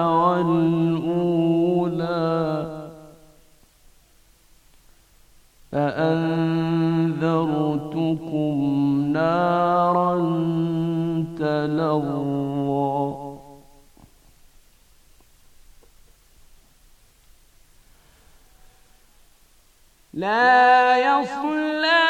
والأولى فأنذرتكم نارا تلظى لا يصلى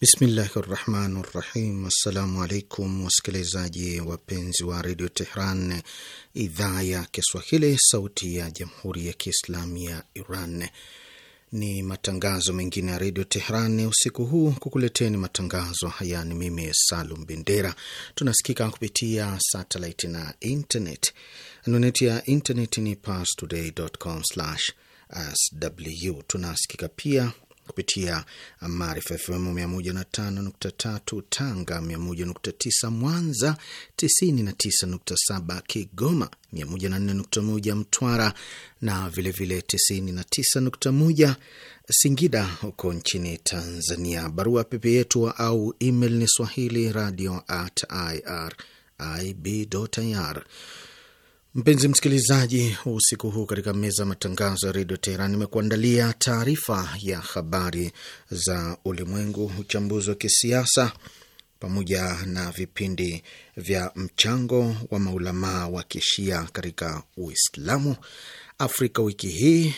Bismillahi rahmani rahim. Assalamu alaikum wasikilizaji wapenzi wa redio Tehran, idhaa ya Kiswahili, sauti ya jamhuri ya kiislamu ya Iran. Ni matangazo mengine ya redio Tehran usiku huu. Kukuleteni matangazo haya ni mimi Salum Bendera. Tunasikika kupitia satelit na internet. Anwani ya internet ni parstoday.com/sw. Tunasikika pia kupitia Maarifa FM 105.3 Tanga, 101.9 Mwanza, 99.7 Kigoma, 104.1 Mtwara na vilevile 99.1 Singida huko nchini Tanzania. Barua pepe yetu au email ni swahili radio at irib.ir Mpenzi msikilizaji, usiku huu katika meza ya matangazo ya redio Teheran imekuandalia taarifa ya habari za ulimwengu, uchambuzi wa kisiasa, pamoja na vipindi vya mchango wa maulamaa wa kishia katika Uislamu, Afrika wiki hii,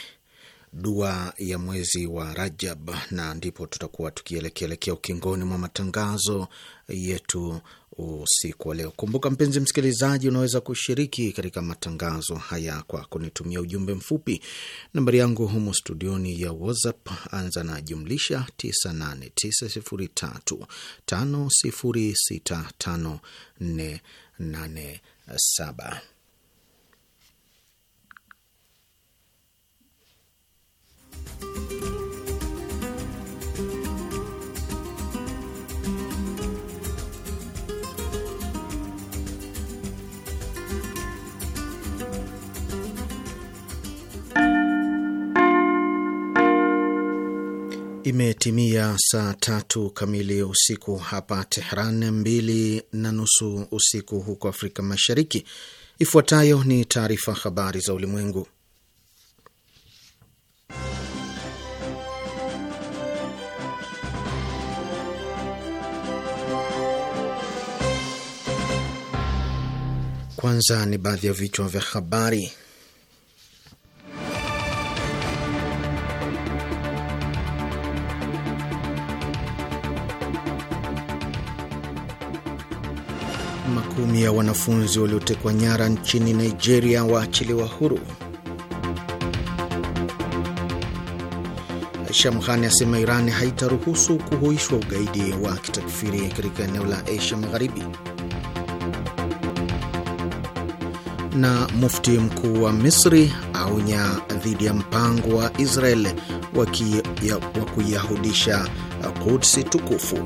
dua ya mwezi wa Rajab, na ndipo tutakuwa tukielekeelekea ukingoni mwa matangazo yetu usiku wa leo. Kumbuka mpenzi msikilizaji, unaweza kushiriki katika matangazo haya kwa kunitumia ujumbe mfupi. Nambari yangu humo studioni ya WhatsApp, anza na jumlisha 989035065487. Imetimia saa tatu kamili usiku hapa Tehran, mbili na nusu usiku huko Afrika Mashariki. Ifuatayo ni taarifa habari za ulimwengu, kwanza ni baadhi ya vichwa vya habari. Makumi ya wanafunzi waliotekwa nyara nchini Nigeria waachiliwa huru. Shamkhani asema Iran haitaruhusu kuhuishwa ugaidi wa kitakfiri katika eneo la Asia Magharibi. Na mufti mkuu wa Misri aonya dhidi ya mpango wa Israel wa kuyahudisha Kudsi tukufu.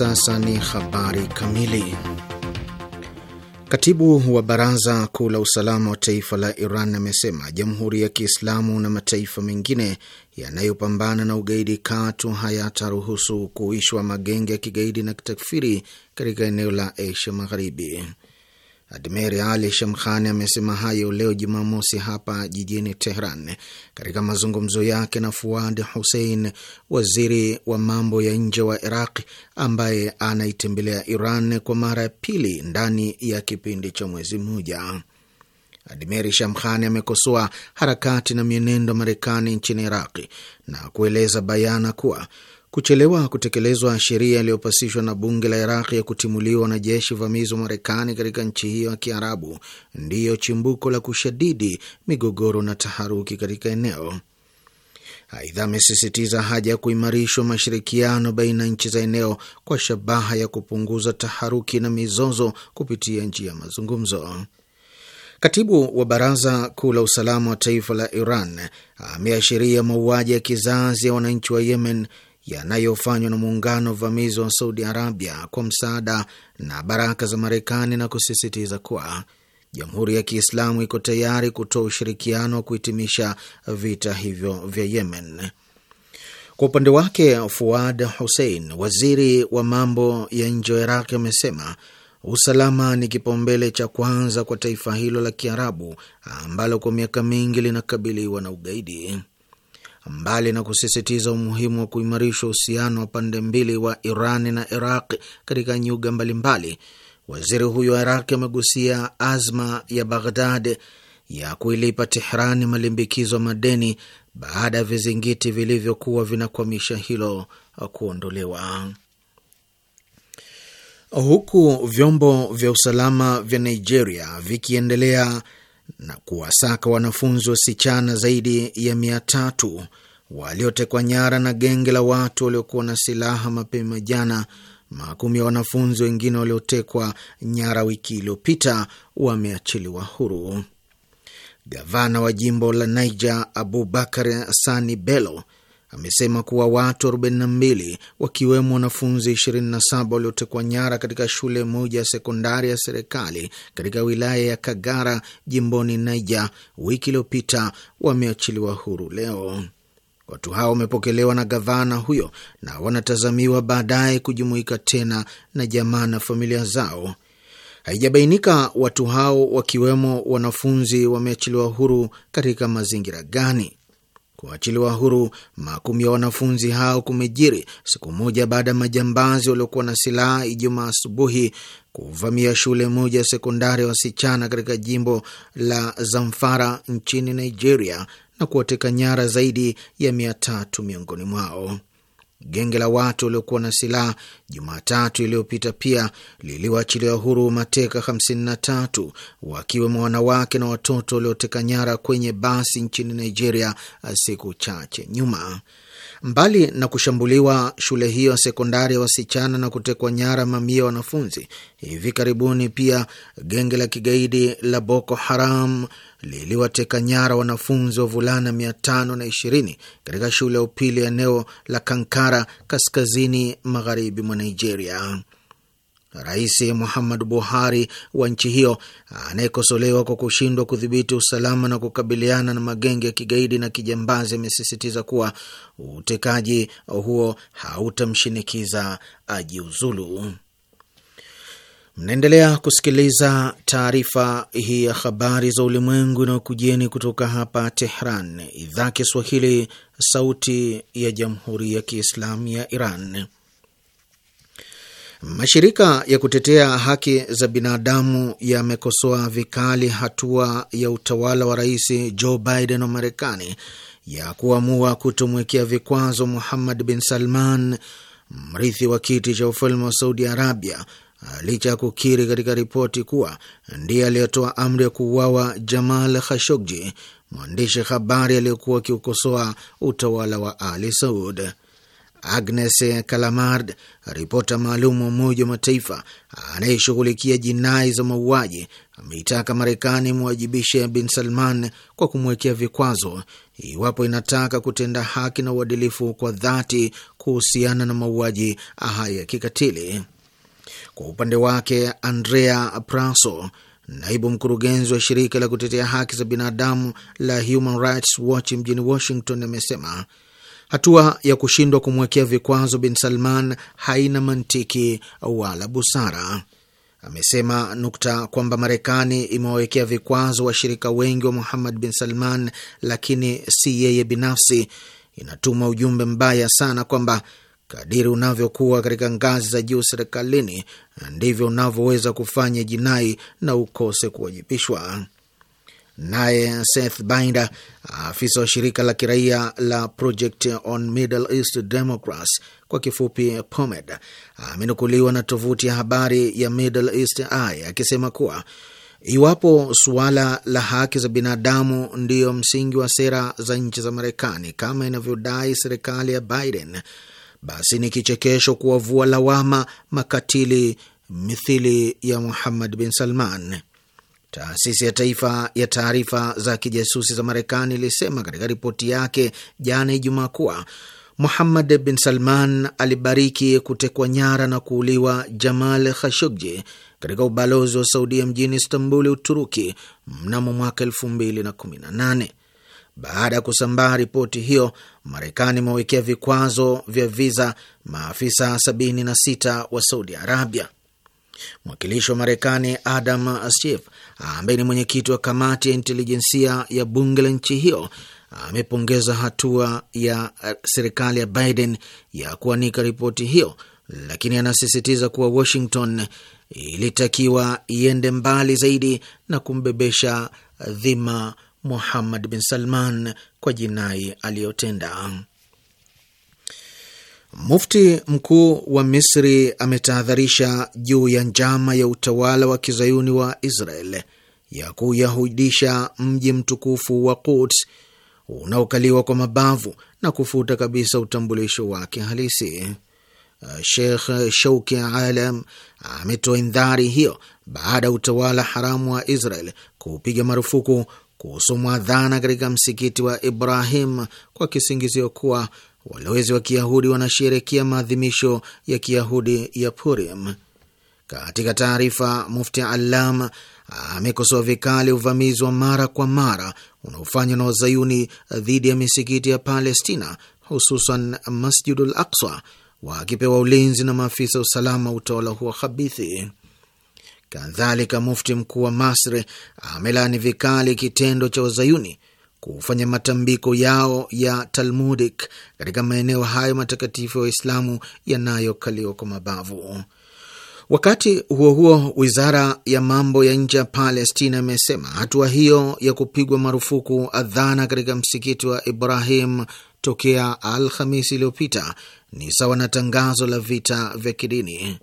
sasa ni habari kamili. Katibu wa baraza kuu la usalama wa taifa la Iran amesema jamhuri ya Kiislamu na mataifa mengine yanayopambana na ugaidi katu hayataruhusu kuishwa magenge ya kigaidi na kitakfiri katika eneo la Asia Magharibi. Admiri Ali Shamkhani amesema hayo leo Jumamosi hapa jijini Tehran katika mazungumzo yake na Fuad Hussein, waziri wa mambo ya nje wa Iraq ambaye anaitembelea Iran kwa mara ya pili ndani ya kipindi cha mwezi mmoja. Admiri Shamkhani amekosoa harakati na mienendo Marekani nchini Iraqi na kueleza bayana kuwa Kuchelewa kutekelezwa sheria iliyopasishwa na bunge la Iraq ya kutimuliwa wanajeshi vamizi wa Marekani katika nchi hiyo ya Kiarabu ndiyo chimbuko la kushadidi migogoro na taharuki katika eneo. Aidha, amesisitiza haja ya kuimarishwa mashirikiano baina ya nchi za eneo kwa shabaha ya kupunguza taharuki na mizozo kupitia njia ya mazungumzo. Katibu wa Baraza Kuu la Usalama wa Taifa la Iran ameashiria mauaji ya kizazi ya wananchi wa Yemen yanayofanywa na muungano uvamizi wa Saudi Arabia kwa msaada na baraka za Marekani na kusisitiza kuwa Jamhuri ya Kiislamu iko tayari kutoa ushirikiano wa kuhitimisha vita hivyo vya Yemen. Kwa upande wake, Fuad Hussein, waziri wa mambo ya nje wa Iraq, amesema usalama ni kipaumbele cha kwanza kwa taifa hilo la Kiarabu ambalo kwa miaka mingi linakabiliwa na ugaidi. Mbali na kusisitiza umuhimu wa kuimarisha uhusiano wa pande mbili wa Iran na Iraq katika nyuga mbalimbali, waziri huyo wa Iraq amegusia azma ya Baghdad ya kuilipa Tehrani malimbikizo madeni baada ya vizingiti vilivyokuwa vinakwamisha hilo kuondolewa. Huku vyombo vya usalama vya Nigeria vikiendelea na kuwasaka wanafunzi wasichana zaidi ya mia tatu waliotekwa nyara na genge la watu waliokuwa na silaha mapema jana. Makumi ya wanafunzi wengine waliotekwa nyara wiki iliyopita wameachiliwa huru. Gavana wa jimbo la Niger Abubakar Sani Bello amesema kuwa watu 42 wakiwemo wanafunzi 27 waliotekwa nyara katika shule moja ya sekondari ya serikali katika wilaya ya Kagara jimboni Naija wiki iliyopita wameachiliwa huru leo. Watu hao wamepokelewa na gavana huyo na wanatazamiwa baadaye kujumuika tena na jamaa na familia zao. Haijabainika watu hao wakiwemo wanafunzi wameachiliwa huru katika mazingira gani. Kuachiliwa huru makumi ya wanafunzi hao kumejiri siku moja baada ya majambazi waliokuwa na silaha Ijumaa asubuhi kuvamia shule moja ya sekondari ya wasichana katika jimbo la Zamfara nchini Nigeria na kuwateka nyara zaidi ya mia tatu miongoni mwao. Genge la watu waliokuwa na silaha Jumatatu iliyopita pia liliwaachilia huru mateka 53 wakiwemo wanawake na watoto walioteka nyara kwenye basi nchini Nigeria siku chache nyuma. Mbali na kushambuliwa shule hiyo sekondari ya wasichana na kutekwa nyara mamia ya wanafunzi, hivi karibuni pia genge la kigaidi la Boko Haram liliwateka nyara wanafunzi wa na 520 katika shule ya upili eneo la Kankara, kaskazini magharibi mwa Nigeria. Rais Muhammad Buhari wa nchi hiyo anayekosolewa kwa kushindwa kudhibiti usalama na kukabiliana na magenge ya kigaidi na kijambazi amesisitiza kuwa utekaji huo hautamshinikiza ajiuzulu. Mnaendelea kusikiliza taarifa hii ya habari za ulimwengu inayokujieni kutoka hapa Tehran, idhaa Kiswahili, sauti ya jamhuri ya kiislamu ya Iran. Mashirika ya kutetea haki za binadamu yamekosoa vikali hatua ya utawala wa rais Joe Biden wa Marekani ya kuamua kutomwekea vikwazo Muhammad bin Salman, mrithi wa kiti cha ufalme wa Saudi Arabia, licha ya kukiri katika ripoti kuwa ndiye aliyetoa amri ya kuuawa Jamal Khashoggi, mwandishi habari aliyekuwa akiukosoa utawala wa Ali Saud. Agnes Kalamard, ripota maalum wa Umoja wa Mataifa anayeshughulikia jinai za mauaji, ameitaka Marekani mwajibishe Bin Salman kwa kumwekea vikwazo iwapo inataka kutenda haki na uadilifu kwa dhati kuhusiana na mauaji haya ya kikatili. Kwa upande wake, Andrea Praso naibu mkurugenzi wa shirika la kutetea haki za binadamu la Human Rights Watch mjini Washington amesema Hatua ya kushindwa kumwekea vikwazo Bin Salman haina mantiki wala busara. Amesema nukta kwamba Marekani imewawekea vikwazo washirika wengi wa Muhammad Bin Salman, lakini si yeye binafsi, inatuma ujumbe mbaya sana kwamba kadiri unavyokuwa katika ngazi za juu serikalini ndivyo unavyoweza kufanya jinai na ukose kuwajibishwa. Naye Seth Binder, afisa wa shirika la kiraia la Project on Middle East Democrats, kwa kifupi POMED, amenukuliwa na tovuti ya habari ya Middle East Eye akisema kuwa iwapo suala la haki za binadamu ndiyo msingi wa sera za nchi za Marekani kama inavyodai serikali ya Biden, basi ni kichekesho kuwavua lawama makatili mithili ya Muhammad bin Salman. Taasisi ya Taifa ya Taarifa za Kijasusi za Marekani ilisema katika ripoti yake jana Ijumaa kuwa Muhammad bin Salman alibariki kutekwa nyara na kuuliwa Jamal Khashoggi katika ubalozi wa Saudia mjini Istanbuli, Uturuki mnamo mwaka 2018. Baada ya kusambaa ripoti hiyo, Marekani imewekea vikwazo vya viza maafisa 76 wa Saudi Arabia. Mwakilishi wa Marekani Adam Schiff ambaye ni mwenyekiti wa kamati ya intelijensia ya bunge la nchi hiyo amepongeza hatua ya eh, serikali ya Biden ya kuanika ripoti hiyo, lakini anasisitiza kuwa Washington ilitakiwa iende mbali zaidi na kumbebesha dhima Muhammad bin Salman kwa jinai aliyotenda. Mufti mkuu wa Misri ametahadharisha juu ya njama ya utawala wa kizayuni wa Israel ya kuyahudisha mji mtukufu wa Quds unaokaliwa kwa mabavu na kufuta kabisa utambulisho wake halisi. Uh, Sheikh Shauki Alam ametoa indhari hiyo baada ya utawala haramu wa Israel kupiga marufuku kusomwa dhana katika msikiti wa Ibrahim kwa kisingizio kuwa walowezi wa Kiyahudi wanasherekea maadhimisho ya Kiyahudi ya Purim. Katika taarifa, Mufti alam amekosoa vikali uvamizi wa mara kwa mara unaofanywa na wazayuni dhidi ya misikiti ya Palestina, hususan Masjidul Aqsa, wakipewa ulinzi na maafisa usalama utawala huo khabithi Kadhalika, mufti mkuu wa Masri amelaani vikali kitendo cha wazayuni kufanya matambiko yao ya Talmudik katika maeneo hayo matakatifu ya Waislamu yanayokaliwa kwa mabavu. Wakati huo huo, wizara ya mambo ya nje ya Palestina imesema hatua hiyo ya kupigwa marufuku adhana katika msikiti wa Ibrahim tokea Alhamisi iliyopita ni sawa na tangazo la vita vya kidini.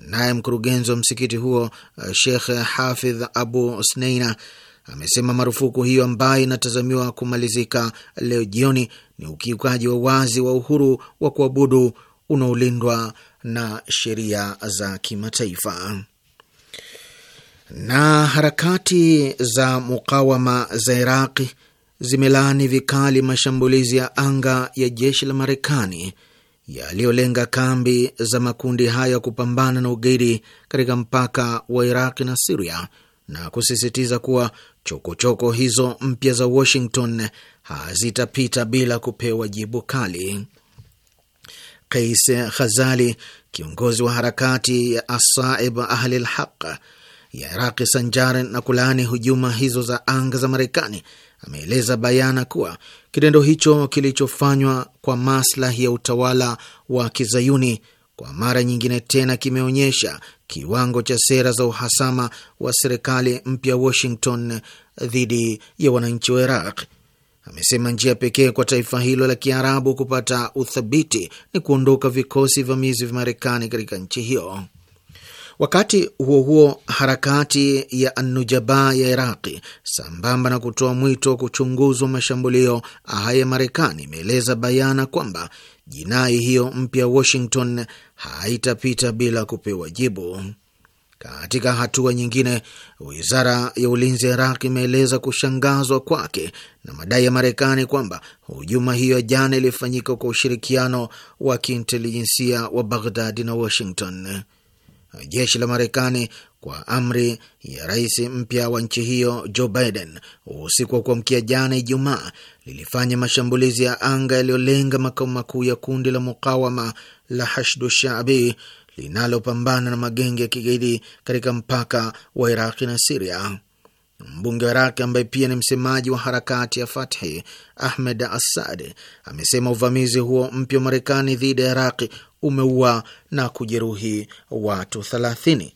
Naye mkurugenzi wa msikiti huo Shekh Hafidh Abu Sneina amesema marufuku hiyo ambayo inatazamiwa kumalizika leo jioni ni ukiukaji wa wazi wa uhuru wa kuabudu unaolindwa na sheria za kimataifa. Na harakati za mukawama za Iraqi zimelaani vikali mashambulizi ya anga ya jeshi la Marekani yaliyolenga kambi za makundi hayo ya kupambana na ugaidi katika mpaka wa Iraqi na Siria na kusisitiza kuwa chokochoko choko hizo mpya za Washington hazitapita bila kupewa jibu kali. Kais Khazali, kiongozi wa harakati ya Asaib Ahli Lhaq ya Iraqi, sanjari na kulaani hujuma hizo za anga za Marekani, ameeleza bayana kuwa kitendo hicho kilichofanywa kwa maslahi ya utawala wa kizayuni kwa mara nyingine tena kimeonyesha kiwango cha sera za uhasama wa serikali mpya Washington dhidi ya wananchi wa Iraq. Amesema njia pekee kwa taifa hilo la Kiarabu kupata uthabiti ni kuondoka vikosi vamizi vya Marekani katika nchi hiyo. Wakati huo huo, harakati ya Anujaba ya Iraqi, sambamba na kutoa mwito wa kuchunguzwa mashambulio haya Marekani, imeeleza bayana kwamba jinai hiyo mpya Washington haitapita bila kupewa jibu. Katika hatua nyingine, wizara ya ulinzi ya Iraq imeeleza kushangazwa kwake na madai ya Marekani kwamba hujuma hiyo jana ilifanyika kwa ushirikiano wa kiintelijensia wa Baghdadi na Washington. Jeshi la Marekani kwa amri ya rais mpya wa nchi hiyo Joe Biden usiku wa kuamkia jana Ijumaa lilifanya mashambulizi ya anga yaliyolenga makao makuu ya kundi la mukawama la Hashdu Shaabi linalopambana na magenge ya kigaidi katika mpaka wa Iraqi na Siria. Mbunge wa Iraqi ambaye pia ni msemaji wa harakati ya Fathi, Ahmed Assad, amesema uvamizi huo mpya wa Marekani dhidi ya Iraqi umeua na kujeruhi watu 30.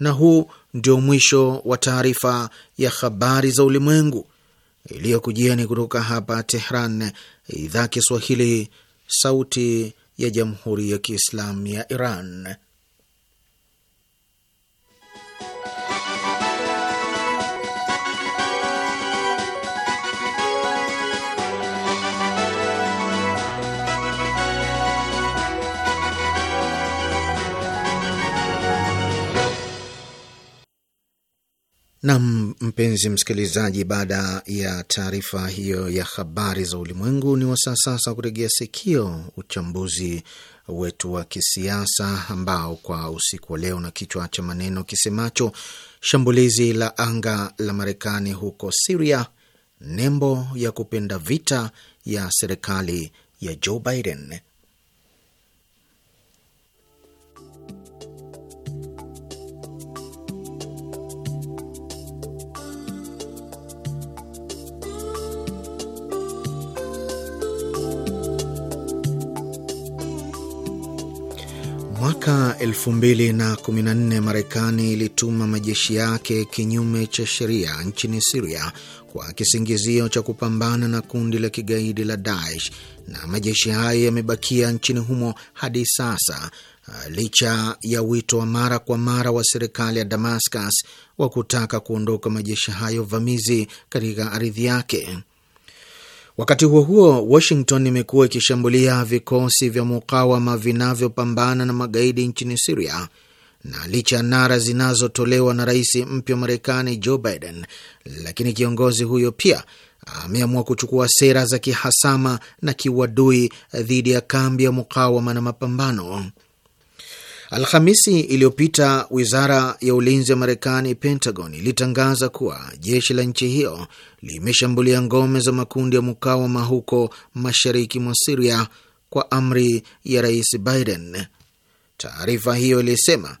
Na huu ndio mwisho wa taarifa ya habari za ulimwengu iliyokujieni kutoka hapa Tehran, idhaa Kiswahili, sauti ya jamhuri ya kiislamu ya Iran. Nam, mpenzi msikilizaji, baada ya taarifa hiyo ya habari za ulimwengu, ni wasaa sasa kuregea sikio uchambuzi wetu wa kisiasa ambao kwa usiku wa leo na kichwa cha maneno kisemacho shambulizi la anga la Marekani huko Siria, nembo ya kupenda vita ya serikali ya Joe Biden. Mwaka 2014 Marekani ilituma majeshi yake kinyume cha sheria nchini Siria kwa kisingizio cha kupambana na kundi la kigaidi la Daesh, na majeshi hayo yamebakia nchini humo hadi sasa licha ya wito wa mara kwa mara wa serikali ya Damascus wa kutaka kuondoka majeshi hayo vamizi katika ardhi yake. Wakati huo huo, Washington imekuwa ikishambulia vikosi vya mukawama vinavyopambana na magaidi nchini Siria, na licha ya nara zinazotolewa na rais mpya wa Marekani Joe Biden, lakini kiongozi huyo pia ameamua kuchukua sera za kihasama na kiuadui dhidi ya kambi ya mukawama na mapambano. Alhamisi iliyopita wizara ya ulinzi ya Marekani, Pentagon, ilitangaza kuwa jeshi la nchi hiyo limeshambulia ngome za makundi ya mukawama huko mashariki mwa Siria kwa amri ya Rais Biden. Taarifa hiyo ilisema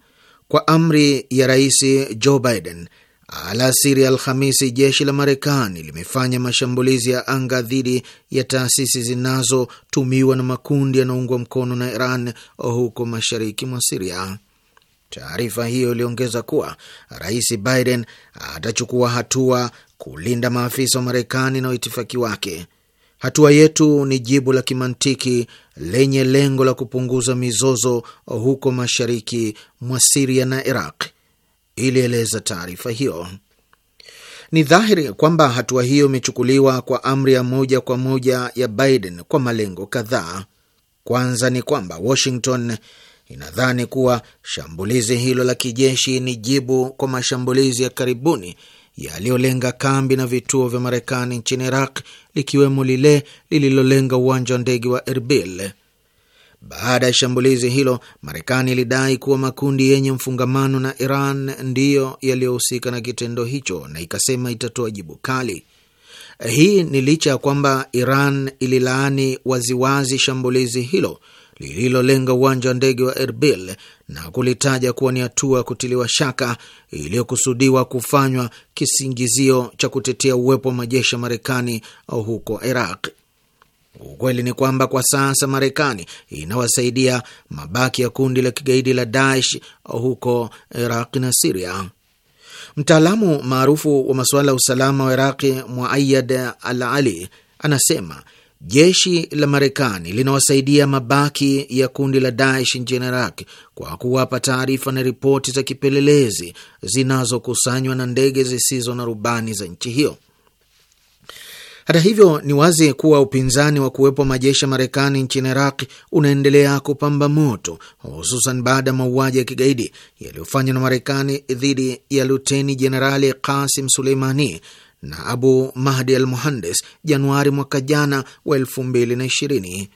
kwa amri ya Rais Joe Biden, Alasiri Alhamisi, jeshi la Marekani limefanya mashambulizi ya anga dhidi ya taasisi zinazotumiwa na makundi yanaungwa mkono na Iran huko mashariki mwa Siria. Taarifa hiyo iliongeza kuwa Rais Biden atachukua hatua kulinda maafisa wa Marekani na waitifaki wake. Hatua yetu ni jibu la kimantiki lenye lengo la kupunguza mizozo huko mashariki mwa Siria na Iraq ilieleza taarifa hiyo. Ni dhahiri kwamba hatua hiyo imechukuliwa kwa amri ya moja kwa moja ya Biden kwa malengo kadhaa. Kwanza ni kwamba Washington inadhani kuwa shambulizi hilo la kijeshi ni jibu kwa mashambulizi ya karibuni yaliyolenga kambi na vituo vya Marekani nchini Iraq, likiwemo lile lililolenga uwanja wa ndege wa Erbil. Baada ya shambulizi hilo, Marekani ilidai kuwa makundi yenye mfungamano na Iran ndiyo yaliyohusika na kitendo hicho na ikasema itatoa jibu kali. Hii ni licha ya kwamba Iran ililaani waziwazi shambulizi hilo lililolenga uwanja wa ndege wa Erbil na kulitaja kuwa ni hatua ya kutiliwa shaka iliyokusudiwa kufanywa kisingizio cha kutetea uwepo wa majeshi ya Marekani huko Iraq. Ukweli ni kwamba kwa sasa Marekani inawasaidia mabaki ya kundi la kigaidi la Daesh huko Iraq na Siria. Mtaalamu maarufu wa masuala ya usalama wa Iraqi, Muayad Al Ali, anasema jeshi la Marekani linawasaidia mabaki ya kundi la Daesh nchini Iraq kwa kuwapa taarifa na ripoti za kipelelezi zinazokusanywa na ndege zisizo na rubani za nchi hiyo. Hata hivyo, ni wazi kuwa upinzani wa kuwepo majeshi ya Marekani nchini Iraq unaendelea kupamba moto, hususan baada ya mauaji ya kigaidi yaliyofanywa na Marekani dhidi ya Luteni Jenerali Kasim Suleimani na Abu Mahdi al Muhandes Januari mwaka jana wa elfu mbili na ishirini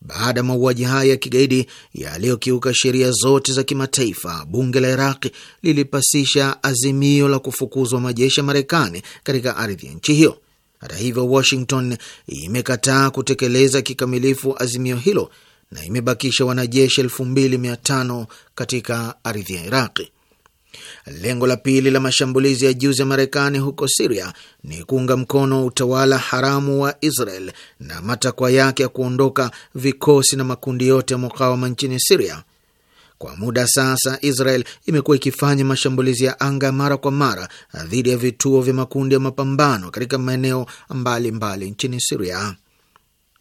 baada ya mauaji haya ya kigaidi yaliyokiuka sheria zote za kimataifa, bunge la Iraqi lilipasisha azimio la kufukuzwa majeshi ya Marekani katika ardhi ya nchi hiyo. Hata hivyo, Washington imekataa kutekeleza kikamilifu azimio hilo na imebakisha wanajeshi elfu mbili mia tano katika ardhi ya Iraqi. Lengo la pili la mashambulizi ya juzi ya Marekani huko Siria ni kuunga mkono utawala haramu wa Israel na matakwa yake ya kuondoka vikosi na makundi yote ya mukawama nchini Siria kwa muda sasa, Israel imekuwa ikifanya mashambulizi ya anga mara kwa mara dhidi ya vituo vya makundi ya mapambano katika maeneo mbalimbali nchini Siria.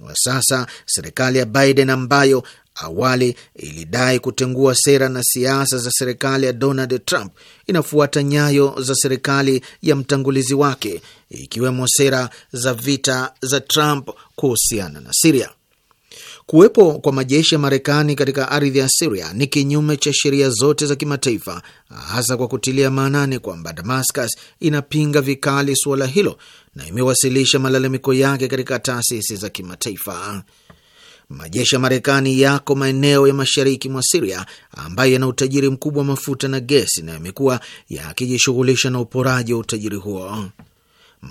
Kwa sasa serikali ya Biden ambayo awali ilidai kutengua sera na siasa za serikali ya Donald Trump inafuata nyayo za serikali ya mtangulizi wake, ikiwemo sera za vita za Trump kuhusiana na Siria. Kuwepo kwa majeshi ya Marekani katika ardhi ya Siria ni kinyume cha sheria zote za kimataifa, hasa kwa kutilia maanani kwamba Damascus inapinga vikali suala hilo na imewasilisha malalamiko yake katika taasisi za kimataifa. Majeshi ya Marekani yako maeneo ya mashariki mwa Siria ambayo yana utajiri mkubwa wa mafuta na gesi na yamekuwa yakijishughulisha na uporaji wa utajiri huo.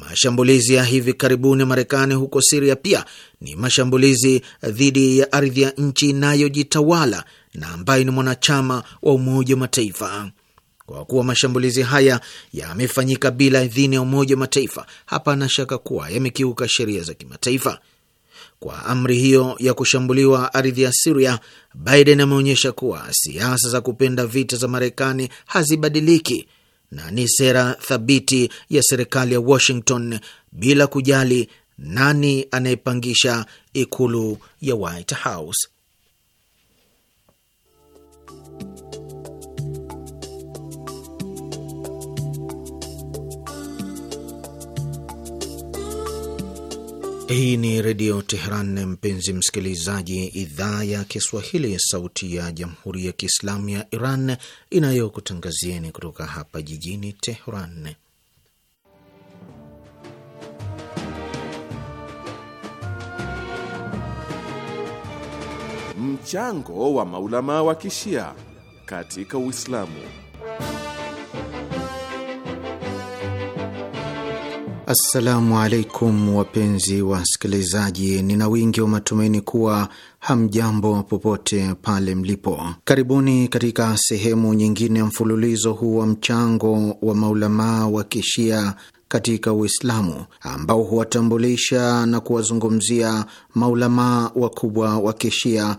Mashambulizi ya hivi karibuni Marekani huko Siria pia ni mashambulizi dhidi ya ardhi ya nchi inayojitawala na ambayo ni mwanachama wa Umoja wa Mataifa. Kwa kuwa mashambulizi haya yamefanyika bila idhini ya Umoja wa Mataifa, hapana shaka kuwa yamekiuka sheria za kimataifa. Kwa amri hiyo ya kushambuliwa ardhi ya Siria, Biden ameonyesha kuwa siasa za kupenda vita za Marekani hazibadiliki na ni sera thabiti ya serikali ya Washington bila kujali nani anayepangisha ikulu ya White House. Hii ni Redio Tehran, mpenzi msikilizaji, idhaa ya Kiswahili, sauti ya Jamhuri ya Kiislamu ya Iran inayokutangazieni kutoka hapa jijini Tehran. Mchango wa maulama wa kishia katika Uislamu. Assalamu alaikum wapenzi wasikilizaji, nina wingi wa matumaini kuwa hamjambo popote pale mlipo. Karibuni katika sehemu nyingine ya mfululizo huu wa mchango wa maulamaa wa kishia katika Uislamu ambao huwatambulisha na kuwazungumzia maulamaa wakubwa wa kishia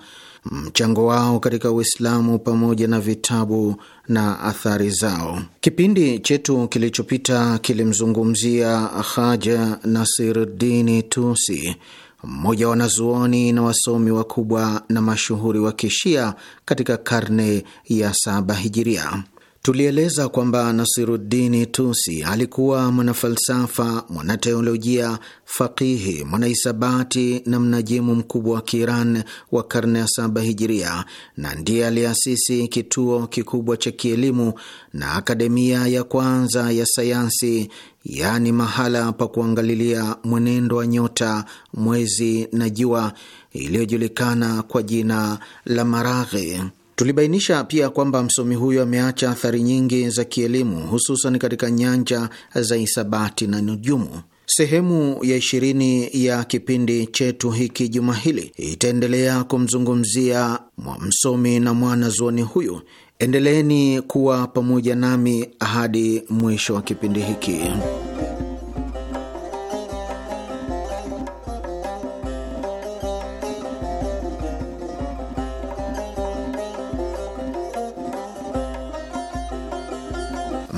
mchango wao katika Uislamu pamoja na vitabu na athari zao. Kipindi chetu kilichopita kilimzungumzia Haja Nasiruddini Tusi, mmoja wa wanazuoni na wasomi wakubwa na mashuhuri wa Kishia katika karne ya saba Hijiria. Tulieleza kwamba Nasiruddini Tusi alikuwa mwanafalsafa, mwanateolojia, faqihi, mwanahisabati na mnajimu mkubwa wa Kiiran wa karne ya saba hijiria, na ndiye aliasisi kituo kikubwa cha kielimu na akademia ya kwanza ya sayansi, yaani mahala pa kuangalilia mwenendo wa nyota, mwezi na jua, iliyojulikana kwa jina la Maraghi. Tulibainisha pia kwamba msomi huyo ameacha athari nyingi za kielimu, hususan katika nyanja za hisabati na nujumu. Sehemu ya ishirini ya kipindi chetu hiki juma hili itaendelea kumzungumzia msomi na mwanazuoni huyu. Endeleeni kuwa pamoja nami hadi mwisho wa kipindi hiki.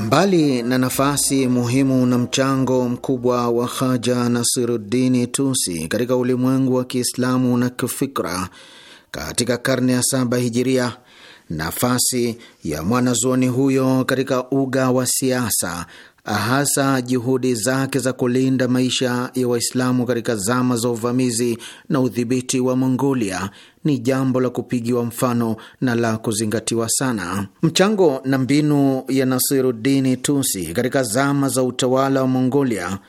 Mbali na nafasi muhimu na mchango mkubwa wa Haja Nasiruddini Tusi katika ulimwengu wa Kiislamu na kifikra katika karne ya saba Hijiria, nafasi ya mwanazuoni huyo katika uga wa siasa, hasa juhudi zake za kulinda maisha ya Waislamu katika zama za uvamizi na udhibiti wa Mongolia ni jambo la kupigiwa mfano na la kuzingatiwa sana. Mchango na mbinu ya Nasiruddini Tusi katika zama za utawala wa Mongolia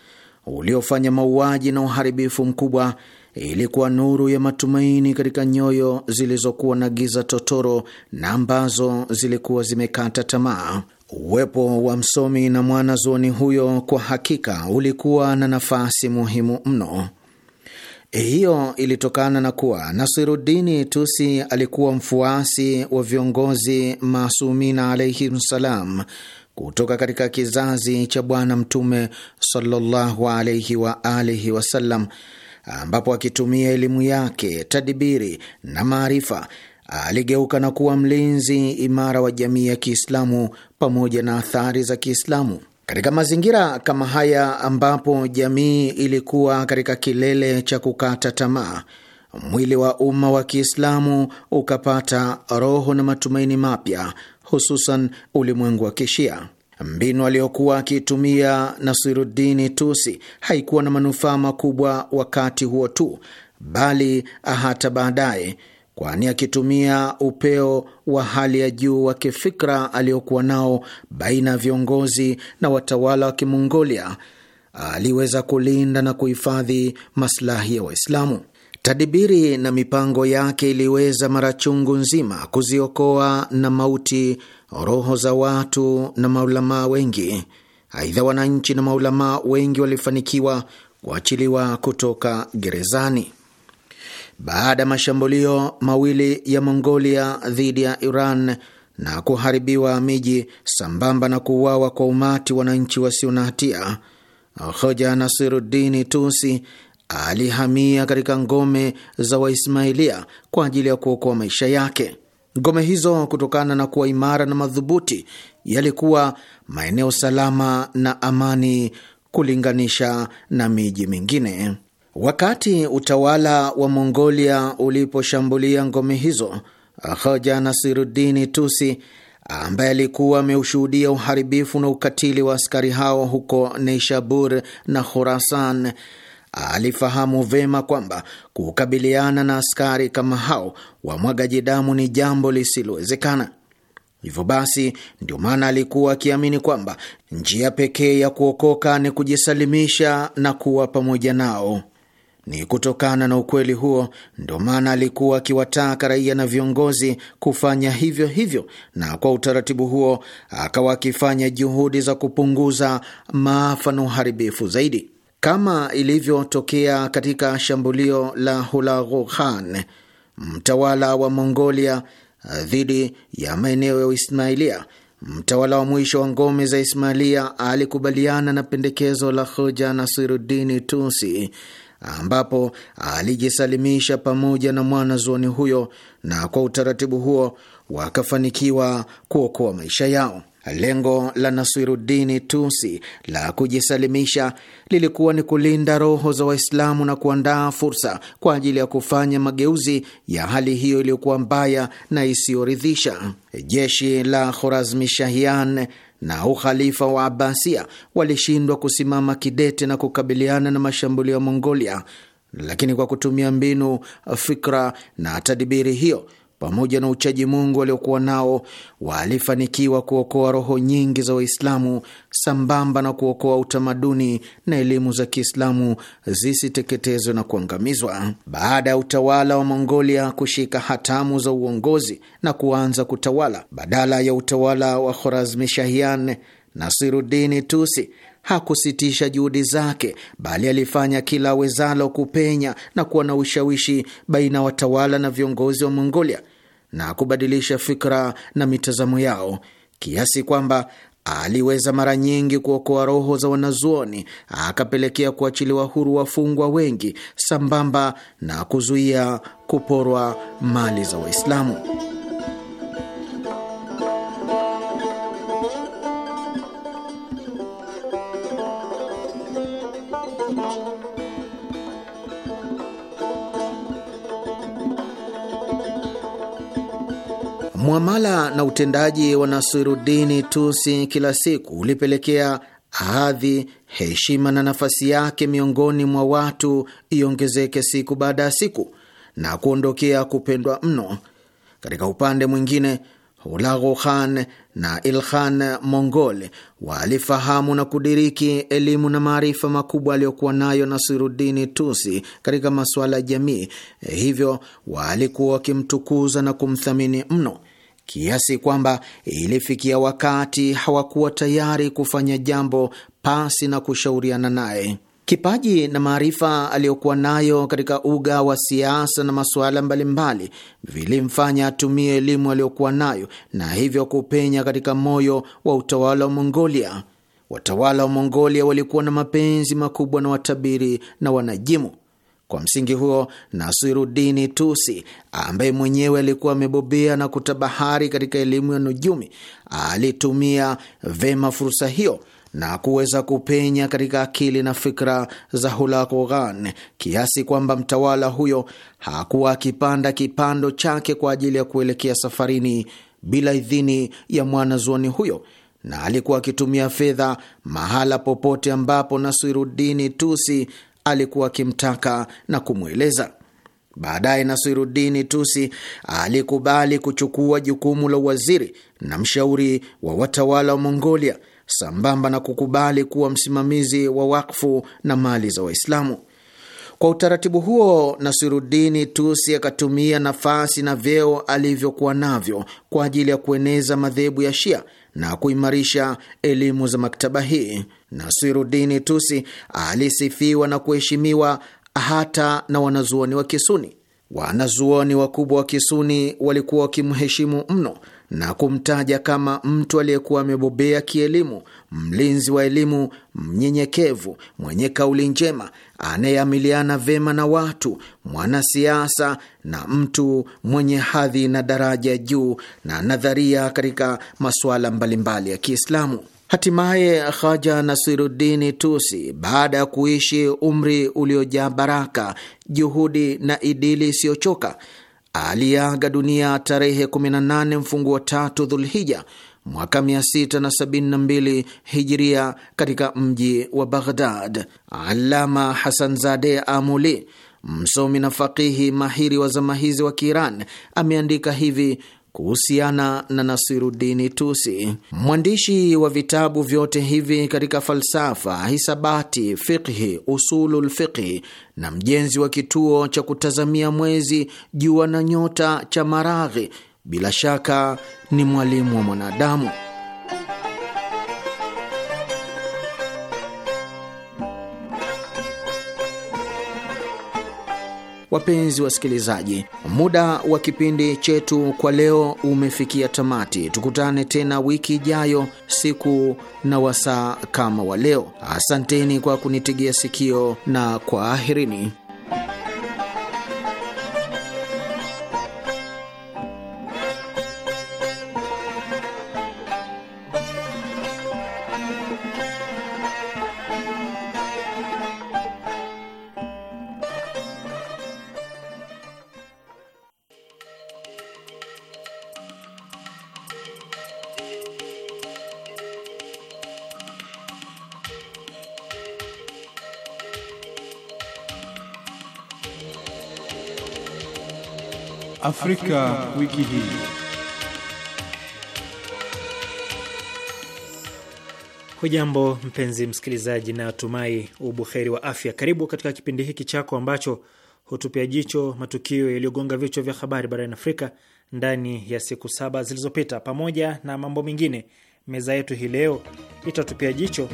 uliofanya mauaji na uharibifu mkubwa ilikuwa nuru ya matumaini katika nyoyo zilizokuwa na giza totoro na ambazo zilikuwa zimekata tamaa. Uwepo wa msomi na mwanazuoni huyo kwa hakika ulikuwa na nafasi muhimu mno. E hiyo ilitokana na kuwa Nasirudini Tusi alikuwa mfuasi wa viongozi Masumina alayhi salam kutoka katika kizazi cha Bwana Mtume sallallahu alaihi wa alihi wasallam, ambapo akitumia elimu yake, tadibiri na maarifa aligeuka na kuwa mlinzi imara wa jamii ya Kiislamu pamoja na athari za Kiislamu. Katika mazingira kama haya ambapo jamii ilikuwa katika kilele cha kukata tamaa, mwili wa umma wa Kiislamu ukapata roho na matumaini mapya, hususan ulimwengu wa Kishia. Mbinu aliyokuwa akiitumia nasirudini Tusi haikuwa na manufaa makubwa wakati huo tu, bali hata baadaye kwani akitumia upeo wa hali ya juu wa kifikra aliyokuwa nao baina ya viongozi na watawala wa Kimongolia aliweza kulinda na kuhifadhi maslahi ya Waislamu. Tadibiri na mipango yake iliweza mara chungu nzima kuziokoa na mauti roho za watu na maulamaa wengi. Aidha, wananchi na maulamaa wengi walifanikiwa kuachiliwa kutoka gerezani baada ya mashambulio mawili ya Mongolia dhidi ya Iran na kuharibiwa miji sambamba na kuuawa kwa umati wananchi wasio na hatia, hoja nasirudini Tusi alihamia katika ngome za Waismailia kwa ajili ya kuokoa maisha yake. Ngome hizo, kutokana na kuwa imara na madhubuti, yalikuwa maeneo salama na amani kulinganisha na miji mingine. Wakati utawala wa Mongolia uliposhambulia ngome hizo, Hoja Nasiruddini Tusi ambaye alikuwa ameushuhudia uharibifu na ukatili wa askari hao huko Neishabur na khurasan alifahamu vema kwamba kukabiliana na askari kama hao wamwagaji damu ni jambo lisilowezekana. Hivyo basi, ndio maana alikuwa akiamini kwamba njia pekee ya kuokoka ni kujisalimisha na kuwa pamoja nao. Ni kutokana na ukweli huo ndio maana alikuwa akiwataka raia na viongozi kufanya hivyo hivyo, na kwa utaratibu huo akawa akifanya juhudi za kupunguza maafa na uharibifu zaidi, kama ilivyotokea katika shambulio la Hulagu Khan, mtawala wa Mongolia, eh, dhidi ya maeneo ya Ismailia. Mtawala wa mwisho wa ngome za Ismailia alikubaliana na pendekezo la hoja Nasiruddini Tusi ambapo alijisalimisha pamoja na mwanazuoni huyo, na kwa utaratibu huo wakafanikiwa kuokoa maisha yao. Lengo la Nasirudini Tusi la kujisalimisha lilikuwa ni kulinda roho za Waislamu na kuandaa fursa kwa ajili ya kufanya mageuzi ya hali hiyo iliyokuwa mbaya na isiyoridhisha. Jeshi la Khorazmishahian na ukhalifa wa Abasia walishindwa kusimama kidete na kukabiliana na mashambulio ya Mongolia, lakini kwa kutumia mbinu, fikra na tadibiri hiyo pamoja na uchaji Mungu waliokuwa nao walifanikiwa kuokoa roho nyingi za Waislamu sambamba na kuokoa utamaduni na elimu za Kiislamu zisiteketezwe na kuangamizwa. Baada ya utawala wa Mongolia kushika hatamu za uongozi na kuanza kutawala badala ya utawala wa Khorazmishahian, Nasirudini Tusi hakusitisha juhudi zake, bali alifanya kila awezalo kupenya na kuwa na ushawishi baina ya watawala na viongozi wa Mongolia na kubadilisha fikra na mitazamo yao kiasi kwamba aliweza mara nyingi kuokoa roho za wanazuoni, akapelekea kuachiliwa huru wafungwa wengi, sambamba na kuzuia kuporwa mali za Waislamu. Mwamala na utendaji wa Nasirudini Tusi kila siku ulipelekea hadhi, heshima na nafasi yake miongoni mwa watu iongezeke siku baada ya siku na kuondokea kupendwa mno. Katika upande mwingine, Hulagu Khan na ilhan Mongol walifahamu na kudiriki elimu na maarifa makubwa aliyokuwa nayo Nasirudini Tusi katika masuala ya jamii, hivyo walikuwa wakimtukuza na kumthamini mno kiasi kwamba ilifikia wakati hawakuwa tayari kufanya jambo pasi na kushauriana naye. Kipaji na maarifa aliyokuwa nayo katika uga wa siasa na masuala mbalimbali vilimfanya atumie elimu aliyokuwa nayo na hivyo kupenya katika moyo wa utawala wa Mongolia. Watawala wa Mongolia walikuwa na mapenzi makubwa na watabiri na wanajimu. Kwa msingi huo, Nasirudini Tusi ambaye mwenyewe alikuwa amebobea na kutabahari katika elimu ya nujumi alitumia vema fursa hiyo na kuweza kupenya katika akili na fikra za Hulagu Khan kiasi kwamba mtawala huyo hakuwa akipanda kipando chake kwa ajili ya kuelekea safarini bila idhini ya mwanazuoni huyo, na alikuwa akitumia fedha mahala popote ambapo Nasirudini Tusi alikuwa akimtaka na kumweleza. Baadaye Nasirudini Tusi alikubali kuchukua jukumu la uwaziri na mshauri wa watawala wa Mongolia, sambamba na kukubali kuwa msimamizi wa wakfu na mali za Waislamu. Kwa utaratibu huo, Nasirudini Tusi akatumia nafasi na vyeo alivyokuwa navyo kwa ajili ya kueneza madhehebu ya Shia na kuimarisha elimu za maktaba hii. Nasirudini Tusi alisifiwa na kuheshimiwa hata na wanazuoni wa Kisuni. Wanazuoni wakubwa wa Kisuni walikuwa wakimheshimu mno na kumtaja kama mtu aliyekuwa amebobea kielimu, mlinzi wa elimu, mnyenyekevu, mwenye kauli njema, anayeamiliana vema na watu, mwanasiasa na mtu mwenye hadhi na daraja juu na nadharia katika masuala mbalimbali ya Kiislamu. Hatimaye Haja nasirudini Tusi, baada ya kuishi umri uliojaa baraka, juhudi na idili isiyochoka, aliaga dunia tarehe 18 mfungu wa tatu Dhulhija mwaka 672 hijiria katika mji wa Baghdad. Alama Hasan Zade Amuli, msomi na faqihi mahiri wa zama hizi wa Kiiran, ameandika hivi kuhusiana na Nasirudini Tusi, mwandishi wa vitabu vyote hivi katika falsafa, hisabati, fiqhi, usulul fiqhi na mjenzi wa kituo cha kutazamia mwezi, jua na nyota cha Maraghi bila shaka ni mwalimu wa mwanadamu. Wapenzi wasikilizaji, muda wa kipindi chetu kwa leo umefikia tamati. Tukutane tena wiki ijayo, siku na wasaa kama wa leo. Asanteni kwa kunitegea sikio na kwaherini. Afrika wiki hii. Hujambo mpenzi msikilizaji, na tumai ubuheri wa afya. Karibu katika kipindi hiki chako ambacho hutupia jicho matukio yaliyogonga vichwa vya habari barani Afrika ndani ya siku saba zilizopita. Pamoja na mambo mengine, meza yetu hii leo itatupia jicho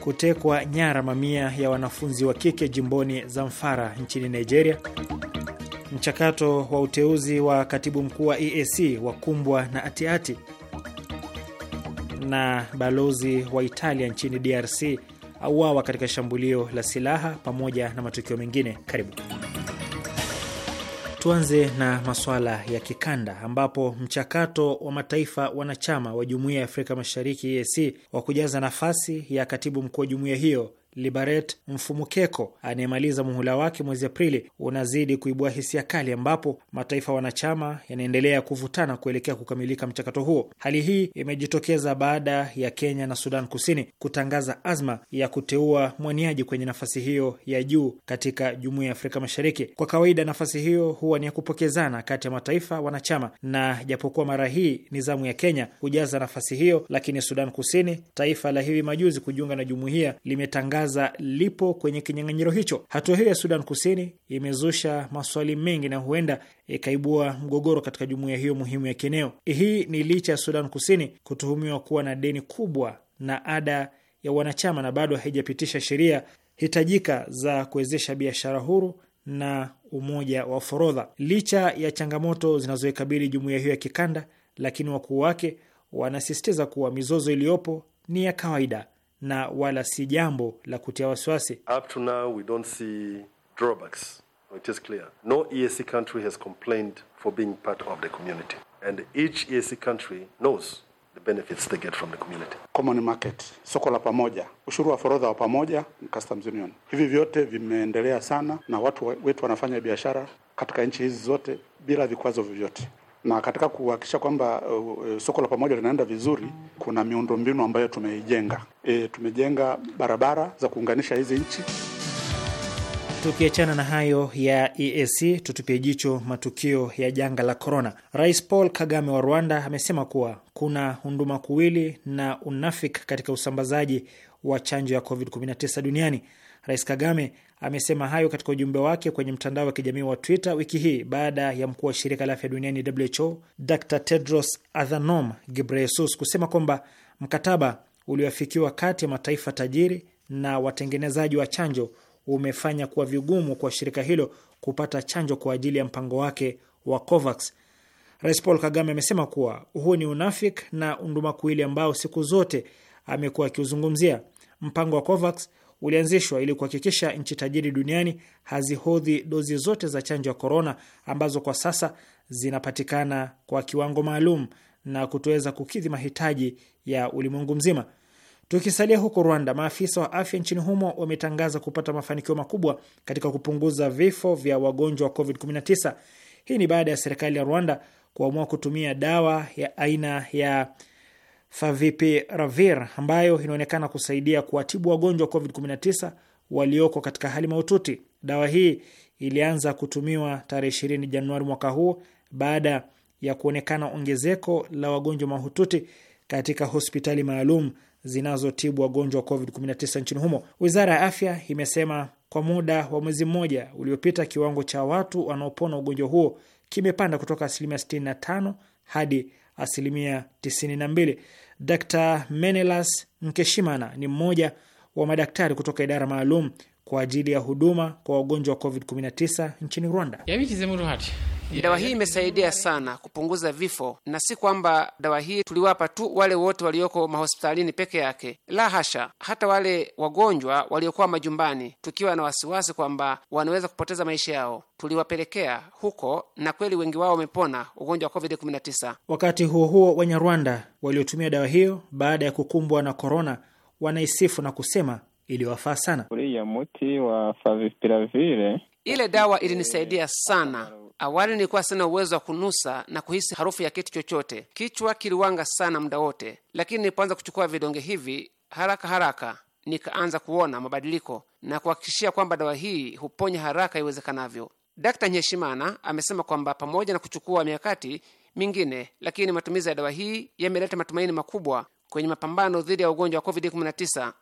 kutekwa nyara mamia ya wanafunzi wa kike jimboni Zamfara nchini Nigeria mchakato wa uteuzi wa katibu mkuu wa EAC wakumbwa na atiati Na balozi wa Italia nchini DRC auawa katika shambulio la silaha pamoja na matukio mengine. Karibu tuanze na masuala ya kikanda ambapo mchakato wa mataifa wanachama wa Jumuiya ya Afrika Mashariki EAC wa kujaza nafasi ya katibu mkuu wa jumuiya hiyo Liberat Mfumukeko anayemaliza muhula wake mwezi Aprili unazidi kuibua hisia kali, ambapo mataifa wanachama yanaendelea kuvutana kuelekea kukamilika mchakato huo. Hali hii imejitokeza baada ya Kenya na Sudan Kusini kutangaza azma ya kuteua mwaniaji kwenye nafasi hiyo ya juu katika Jumuiya ya Afrika Mashariki. Kwa kawaida, nafasi hiyo huwa ni ya kupokezana kati ya mataifa wanachama, na japokuwa mara hii ni zamu ya Kenya kujaza nafasi hiyo, lakini Sudan Kusini, taifa la hivi majuzi kujiunga na jumuiya, limetangaza Gaza lipo kwenye kinyang'anyiro hicho. Hatua hiyo ya Sudan Kusini imezusha maswali mengi na huenda ikaibua mgogoro katika jumuiya hiyo muhimu ya kieneo. Hii ni licha ya Sudan Kusini kutuhumiwa kuwa na deni kubwa na ada ya wanachama na bado haijapitisha sheria hitajika za kuwezesha biashara huru na umoja wa forodha. Licha ya changamoto zinazoikabili jumuiya hiyo ya kikanda, lakini wakuu wake wanasisitiza kuwa mizozo iliyopo ni ya kawaida na wala si jambo la kutia wasiwasi. Up to now we don't see drawbacks. It is clear. No EAC country has complained for being part of the community. And each EAC country knows the benefits they get from the community. Common market, soko la pamoja, ushuru wa forodha wa pamoja, customs union. Hivi vyote vimeendelea sana na watu wetu wanafanya biashara katika nchi hizi zote bila vikwazo vyovyote na katika kuhakikisha kwamba uh, uh, soko la pamoja linaenda vizuri, kuna miundombinu ambayo tumeijenga. E, tumejenga barabara za kuunganisha hizi nchi. Tukiachana na hayo ya EAC, tutupie jicho matukio ya janga la korona. Rais Paul Kagame wa Rwanda amesema kuwa kuna hunduma kuwili na unafiki katika usambazaji wa chanjo ya COVID-19 duniani. Rais Kagame amesema hayo katika ujumbe wake kwenye mtandao wa kijamii wa Twitter wiki hii baada ya mkuu wa shirika la afya duniani WHO Dr Tedros Adhanom Ghebreyesus kusema kwamba mkataba ulioafikiwa kati ya mataifa tajiri na watengenezaji wa chanjo umefanya kuwa vigumu kwa shirika hilo kupata chanjo kwa ajili ya mpango wake wa COVAX. Rais Paul Kagame amesema kuwa huu ni unafiki na undumakuili ambao siku zote amekuwa akiuzungumzia. Mpango wa COVAX ulianzishwa ili kuhakikisha nchi tajiri duniani hazihodhi dozi zote za chanjo ya korona ambazo kwa sasa zinapatikana kwa kiwango maalum na kutoweza kukidhi mahitaji ya ulimwengu mzima. Tukisalia huko Rwanda, maafisa wa afya nchini humo wametangaza kupata mafanikio makubwa katika kupunguza vifo vya wagonjwa wa COVID-19. Hii ni baada ya serikali ya Rwanda kuamua kutumia dawa ya aina ya favipiravir ambayo inaonekana kusaidia kuwatibu wagonjwa wa COVID-19 walioko katika hali mahututi. Dawa hii ilianza kutumiwa tarehe 20 Januari mwaka huu baada ya kuonekana ongezeko la wagonjwa mahututi katika hospitali maalum zinazotibu wagonjwa wa COVID-19 nchini humo. Wizara ya Afya imesema kwa muda wa mwezi mmoja uliopita, kiwango cha watu wanaopona ugonjwa huo kimepanda kutoka asilimia 65 hadi asilimia 92. Dr Menelas Nkeshimana ni mmoja wa madaktari kutoka idara maalum kwa ajili ya huduma kwa wagonjwa wa COVID-19 nchini Rwanda. Dawa hii imesaidia sana kupunguza vifo, na si kwamba dawa hii tuliwapa tu wale wote walioko mahospitalini peke yake, la hasha, hata wale wagonjwa waliokuwa majumbani, tukiwa na wasiwasi kwamba wanaweza kupoteza maisha yao, tuliwapelekea huko, na kweli wengi wao wamepona ugonjwa wa COVID-19. Wakati huo huo, Wanyarwanda waliotumia dawa hiyo baada ya kukumbwa na korona wanaisifu na kusema iliwafaa sana. Uriya muti wa favipiravire ile dawa ilinisaidia sana. Awali nilikuwa sina uwezo wa kunusa na kuhisi harufu ya kitu chochote, kichwa kiliwanga sana muda wote, lakini nilipoanza kuchukua vidonge hivi haraka haraka nikaanza kuona mabadiliko na kuhakikishia kwamba dawa hii huponya haraka iwezekanavyo. Dkt. Nyeshimana amesema kwamba pamoja na kuchukua mikakati mingine, lakini matumizi ya dawa hii yameleta matumaini makubwa kwenye mapambano dhidi ya ugonjwa wa COVID-19.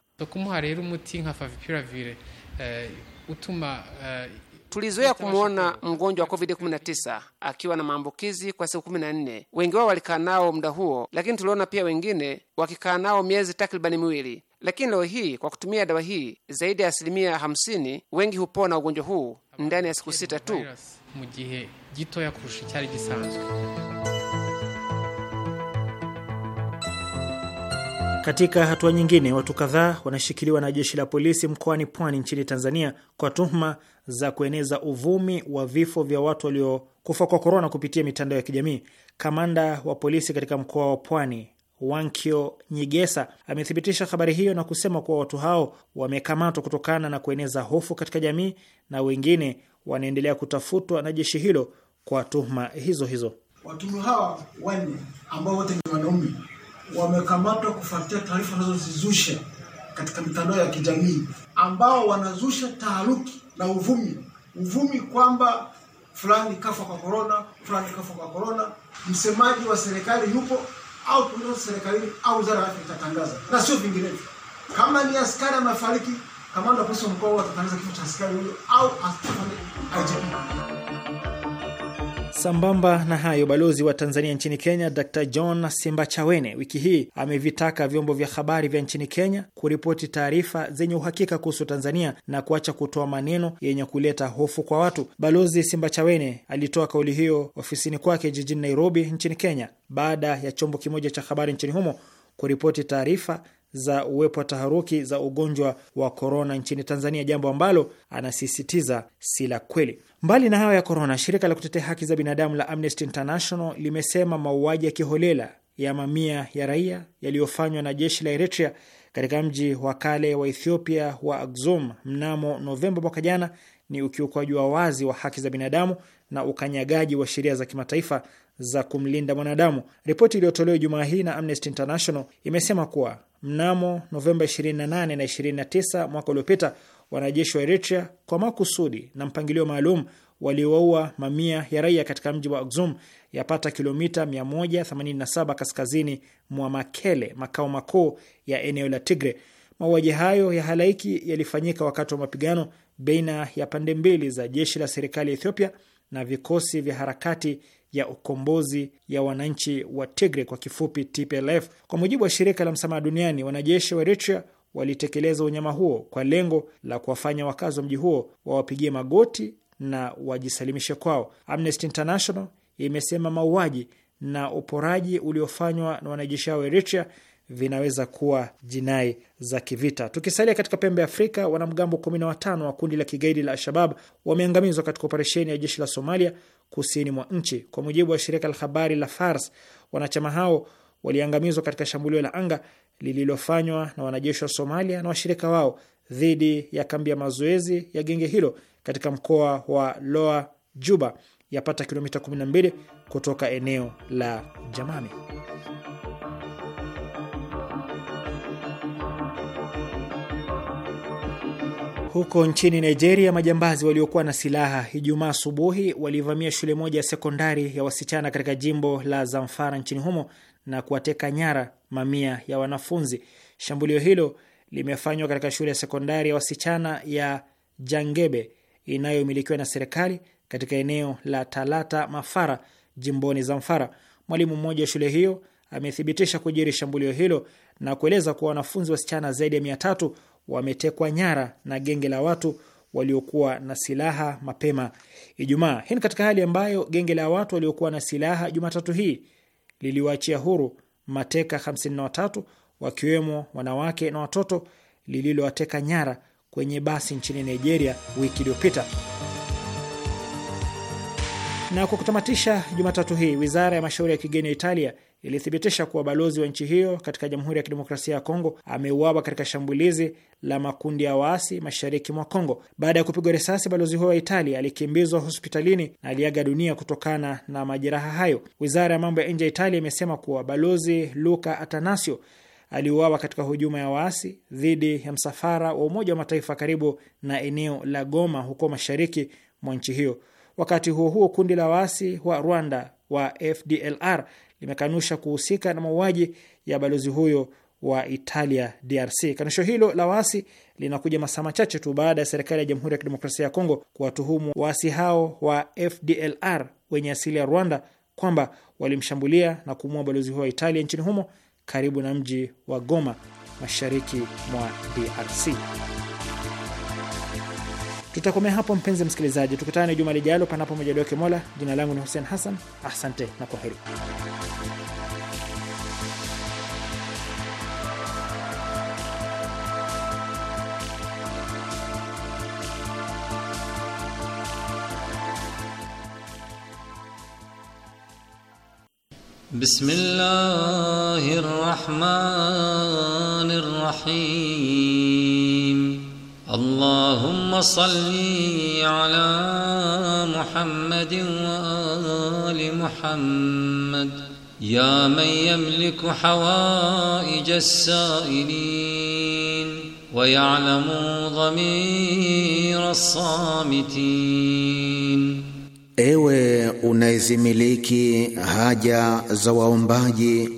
Tulizoea kumwona mgonjwa wa COVID-19 akiwa na maambukizi kwa siku 14. Wengi wao walikaa nao muda huo, lakini tuliona pia wengine wakikaa nao miezi takribani miwili. Lakini leo hii kwa kutumia dawa hii, zaidi ya asilimia 50 wengi hupona ugonjwa huu ndani ya siku sita tu. Katika hatua nyingine, watu kadhaa wanashikiliwa na jeshi la polisi mkoani Pwani nchini Tanzania kwa tuhuma za kueneza uvumi wa vifo vya watu waliokufa kwa korona kupitia mitandao ya kijamii, kamanda wa polisi katika mkoa wa Pwani Wankio Nyigesa amethibitisha habari hiyo na kusema kuwa watu hao wamekamatwa kutokana na kueneza hofu katika jamii na wengine wanaendelea kutafutwa na jeshi hilo kwa tuhuma hizo hizo. Watu hawa wanne ambao wote ni wanaume wamekamatwa kufuatia taarifa wanazozizusha katika mitandao ya kijamii ambao wanazusha taharuki na uvumi, uvumi kwamba fulani kafa kwa korona, fulani kafa kwa korona. Msemaji wa serikali yupo au tunazo serikalini au wizara ya afya itatangaza na sio vinginevyo. Kama ni askari amefariki, kamanda wa polisi mkoa atatangaza kifo cha askari huyo au IGP. Sambamba na hayo, balozi wa Tanzania nchini Kenya Dr John Simbachawene wiki hii amevitaka vyombo vya habari vya nchini Kenya kuripoti taarifa zenye uhakika kuhusu Tanzania na kuacha kutoa maneno yenye kuleta hofu kwa watu. Balozi Simbachawene alitoa kauli hiyo ofisini kwake jijini Nairobi nchini Kenya baada ya chombo kimoja cha habari nchini humo kuripoti taarifa za uwepo wa taharuki za ugonjwa wa korona nchini Tanzania, jambo ambalo anasisitiza si la kweli. Mbali na hayo ya korona, shirika la kutetea haki za binadamu la Amnesty International limesema mauaji ya kiholela ya mamia ya raia yaliyofanywa na jeshi la Eritrea katika mji wa kale wa Ethiopia wa Axum mnamo Novemba mwaka jana ni ukiukwaji wa wazi wa haki za binadamu na ukanyagaji wa sheria za kimataifa za kumlinda mwanadamu. Ripoti iliyotolewa Jumaa hii na Amnesty International imesema kuwa mnamo Novemba 28 na 29 mwaka uliopita wanajeshi wa Eritrea kwa makusudi na mpangilio maalum waliowaua mamia ya raia katika mji wa Axum yapata kilomita 187 kaskazini mwa Makele, makao makuu ya eneo la Tigre. Mauaji hayo ya halaiki yalifanyika wakati wa mapigano baina ya pande mbili za jeshi la serikali ya Ethiopia na vikosi vya harakati ya ukombozi ya wananchi wa Tigre, kwa kifupi TPLF. Kwa mujibu wa shirika la msamaha duniani, wanajeshi wa Eritrea walitekeleza unyama huo kwa lengo la kuwafanya wakazi wa mji huo wawapigie magoti na wajisalimishe kwao. Amnesty International imesema mauaji na uporaji uliofanywa na wanajeshi hao wa Eritrea vinaweza kuwa jinai za kivita. Tukisalia katika pembe ya Afrika, wanamgambo 15 wa kundi la kigaidi la Al-Shabab wameangamizwa katika operesheni ya jeshi la Somalia kusini mwa nchi, kwa mujibu wa shirika la habari la Fars. Wanachama hao waliangamizwa katika shambulio la anga lililofanywa na wanajeshi wa Somalia na washirika wao dhidi ya kambi ya mazoezi ya genge hilo katika mkoa wa Loa Juba, yapata kilomita 12 kutoka eneo la jamami Huko nchini Nigeria, majambazi waliokuwa na silaha Ijumaa asubuhi walivamia shule moja ya sekondari ya wasichana katika jimbo la Zamfara nchini humo na kuwateka nyara mamia ya wanafunzi. Shambulio hilo limefanywa katika shule ya sekondari ya wasichana ya Jangebe inayomilikiwa na serikali katika eneo la Talata Mafara jimboni Zamfara. Mwalimu mmoja wa shule hiyo amethibitisha kujiri shambulio hilo na kueleza kuwa wanafunzi wasichana zaidi ya mia tatu wametekwa nyara na genge la watu waliokuwa na silaha mapema Ijumaa. Hii ni katika hali ambayo genge la watu waliokuwa na silaha Jumatatu hii liliwaachia huru mateka 53 wakiwemo wanawake na watoto lililowateka nyara kwenye basi nchini Nigeria wiki iliyopita. Na kwa kutamatisha, Jumatatu hii wizara ya mashauri ya kigeni ya Italia ilithibitisha kuwa balozi wa nchi hiyo katika Jamhuri ya Kidemokrasia ya Kongo ameuawa katika shambulizi la makundi ya waasi mashariki mwa Kongo. Baada ya kupigwa risasi, balozi huyo wa Italia alikimbizwa hospitalini na aliaga dunia kutokana na majeraha hayo. Wizara ya mambo ya nje ya Italia imesema kuwa balozi Luca Atanasio aliuawa katika hujuma ya waasi dhidi ya msafara wa Umoja wa Mataifa karibu na eneo la Goma huko mashariki mwa nchi hiyo. Wakati huo huo, kundi la waasi wa Rwanda wa FDLR limekanusha kuhusika na mauaji ya balozi huyo wa Italia DRC. Kanusho hilo la waasi linakuja masaa machache tu baada ya serikali ya Jamhuri ya Kidemokrasia ya Kongo kuwatuhumu waasi hao wa FDLR wenye asili ya Rwanda kwamba walimshambulia na kumua balozi huyo wa Italia nchini humo karibu na mji wa Goma mashariki mwa DRC. Tutakomea hapo mpenzi msikilizaji, tukutane juma lijalo, panapo majaliwa ya Mola. Jina langu ni Hussein Hassan, asante na kwaheri. Rahim اللهم صل على محمد وآل محمد يا من يملك حوائج السائلين ويعلم ضمير الصامتين Ewe unayezimiliki haja za waombaji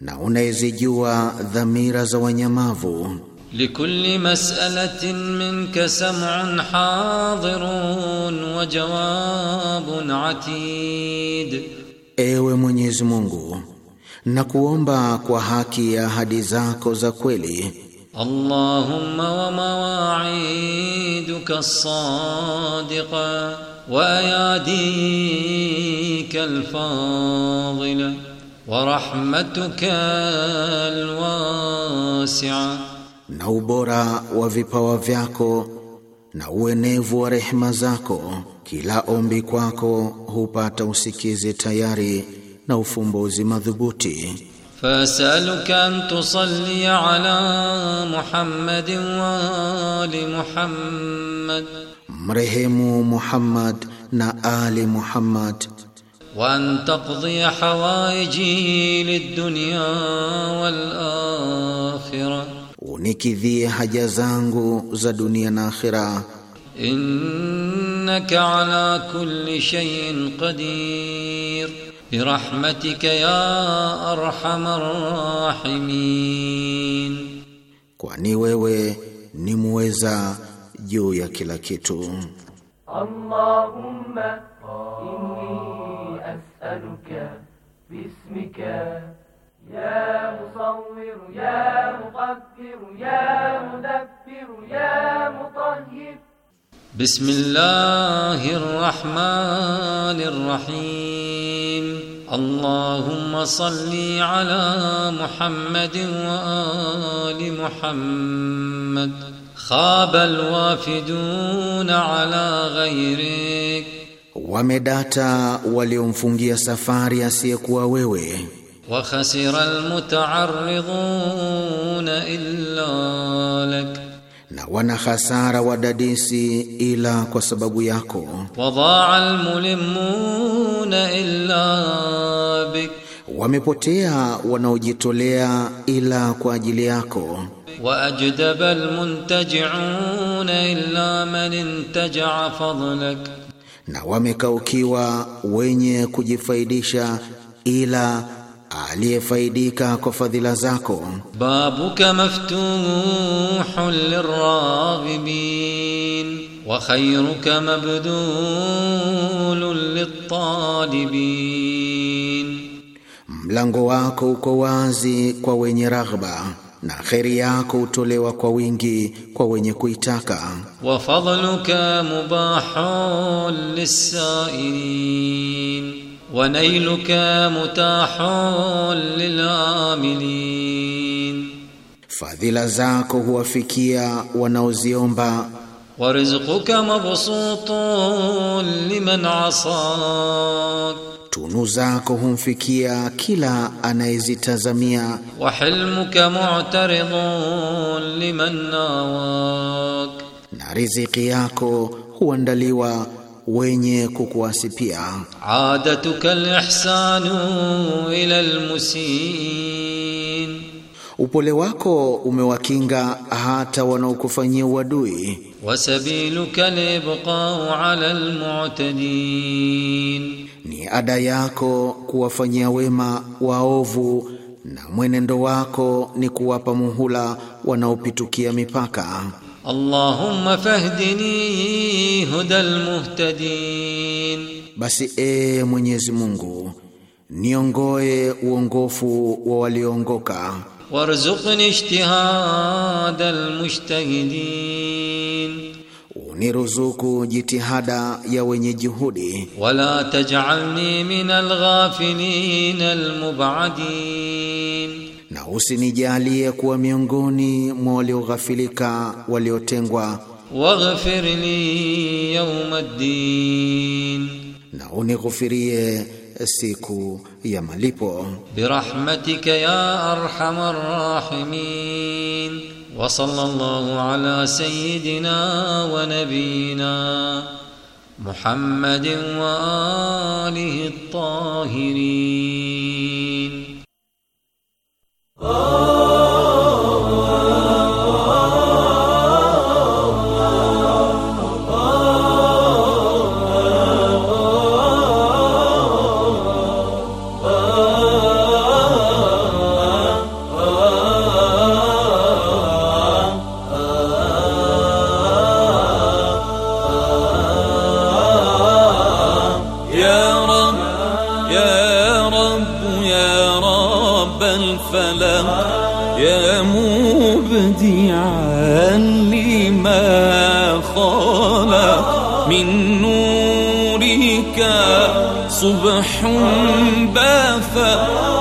na unayezijua dhamira za wanyamavu لكل مسألة منك سمع حاضر وجواب عتيد Ewe Mwenyezi Mungu na kuomba kwa haki ya ahadi zako za kweli Allahumma wa mawaiduka as-sadiqa wa yadika al-fadila wa rahmatuka al-wasi'a na ubora wa vipawa vyako na uenevu wa rehema zako. Kila ombi kwako hupata usikizi tayari na ufumbuzi madhubuti. fasaluka an tusalli ala Muhammadin wa ali Muhammad, mrehemu Muhammad na ali Muhammad Wa an taqdi hawaiji lid dunya wal akhirah unikidhie haja zangu za dunia na akhira. Innaka ala kulli shay'in qadir birahmatika ya arhamar rahimin, kwani wewe ni muweza juu ya kila kitu. Allahumma inni as'aluka bismika يا مصور يا مقدر يا مدبر يا مطهر بسم الله الرحمن الرحيم اللهم صل على محمد وآل محمد خاب الوافدون على غيرك ومدata waliomfungia سفاريا asiyekuwa wewe wakhasira almutaarridhuna illa lak, na wana hasara wadadisi ila kwa sababu yako. Wadaa almulimuna illa bik, wamepotea wanaojitolea ila kwa ajili yako. Wa ajdaba almuntajuna illa man intaja fadlak, na wamekaukiwa wenye kujifaidisha ila aliyefaidika kwa fadhila zako. babuka maftuhun liraghibin wa khayruka mabdulun litalibin, mlango wako uko wazi kwa wenye raghba na kheri yako hutolewa kwa wingi kwa wenye kuitaka. wa fadhluka mubahun lisailin ونيلك متاح للعاملين fadhila zako huwafikia wanaoziomba warizquka mabsutun liman asak tunu zako humfikia kila anayezitazamia wa mu'taridun liman nawak na riziki yako huandaliwa wenye kukuasipia. Adatuka alihsanu ila almusin, upole wako umewakinga hata wanaokufanyia uadui. Wasabiluka libqa ala almu'tadin, ni ada yako kuwafanyia wema waovu na mwenendo wako ni kuwapa muhula wanaopitukia mipaka. اللهم فاهدني هدى المهتدين بس e Mwenyezi Mungu niongoe uongofu wa waliongoka Warzuqni ijtihada almujtahidin, uniruzuku jitihada ya wenye juhudi. Wala taj'alni min alghafilin almub'adin na usinijalie kuwa miongoni mwa walioghafilika waliotengwa. waghfir li yawm ad-din, na unighufirie siku ya malipo. birahmatika ya arhamar rahimin. wa sallallahu ala sayyidina wa nabiyina Muhammadin wa alihi tahirin Oh. يبدي عني ما خلق من نورك صبح بافا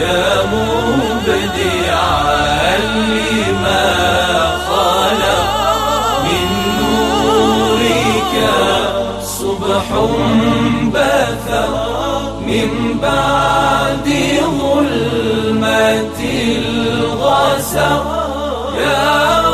يا مبدعا لما خلق من نورك صبح بثر من بعد ظلمة الغسر يا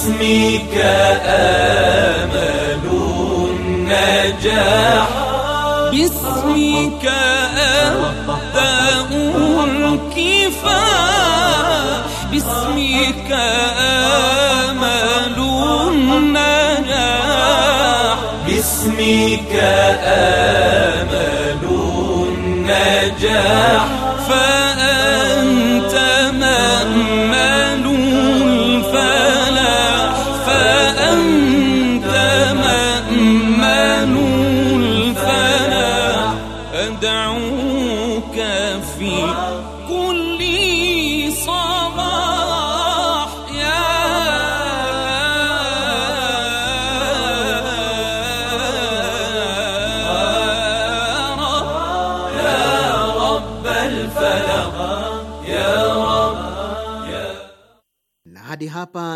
باسمك آمل النجاح باسمك أبدأ الكفاح باسمك آمل النجاح باسمك آمل النجاح